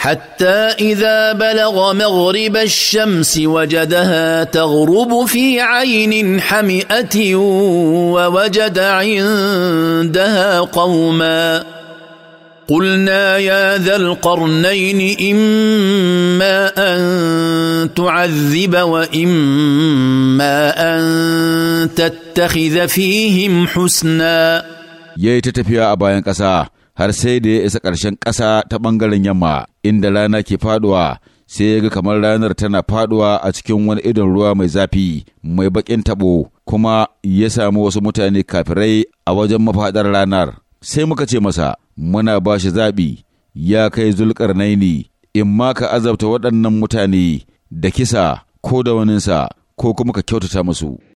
حتى اذا بلغ مغرب الشمس وجدها تغرب في عين حمئه ووجد عندها قوما قلنا يا ذا القرنين اما ان تعذب واما ان تتخذ فيهم حسنا يا ابا ينكسا har sai da ya isa ƙarshen ƙasa ta ɓangaren yamma inda rana ke faɗuwa sai ya ga kamar ranar tana faɗuwa a cikin wani idon ruwa mai zafi mai baƙin taɓo kuma ya samu wasu mutane kafirai a wajen mafaɗar ranar sai muka ce masa muna ba shi zaɓi ya kai zulƙar naini in ma ka azabta waɗannan mutane da kisa ko da waninsa ko kuma ka kyautata musu